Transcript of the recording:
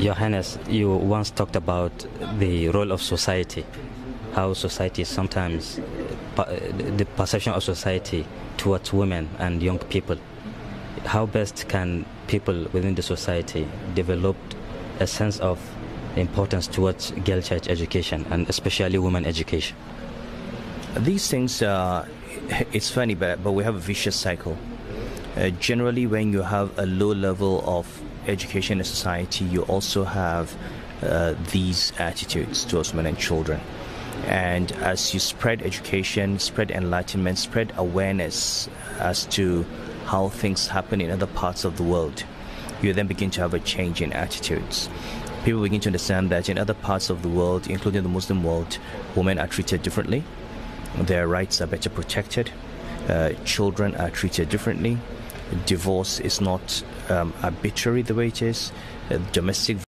Johannes, you once talked about the role of society, how society sometimes, the perception of society towards women and young people. How best can people within the society develop a sense of importance towards girl child education and especially women education? These things, uh, it's funny, but, but we have a vicious cycle uh, generally, when you have a low level of education in society, you also have uh, these attitudes towards women and children. And as you spread education, spread enlightenment, spread awareness as to how things happen in other parts of the world, you then begin to have a change in attitudes. People begin to understand that in other parts of the world, including the Muslim world, women are treated differently, their rights are better protected, uh, children are treated differently. Divorce is not um, arbitrary the way it is. Uh, domestic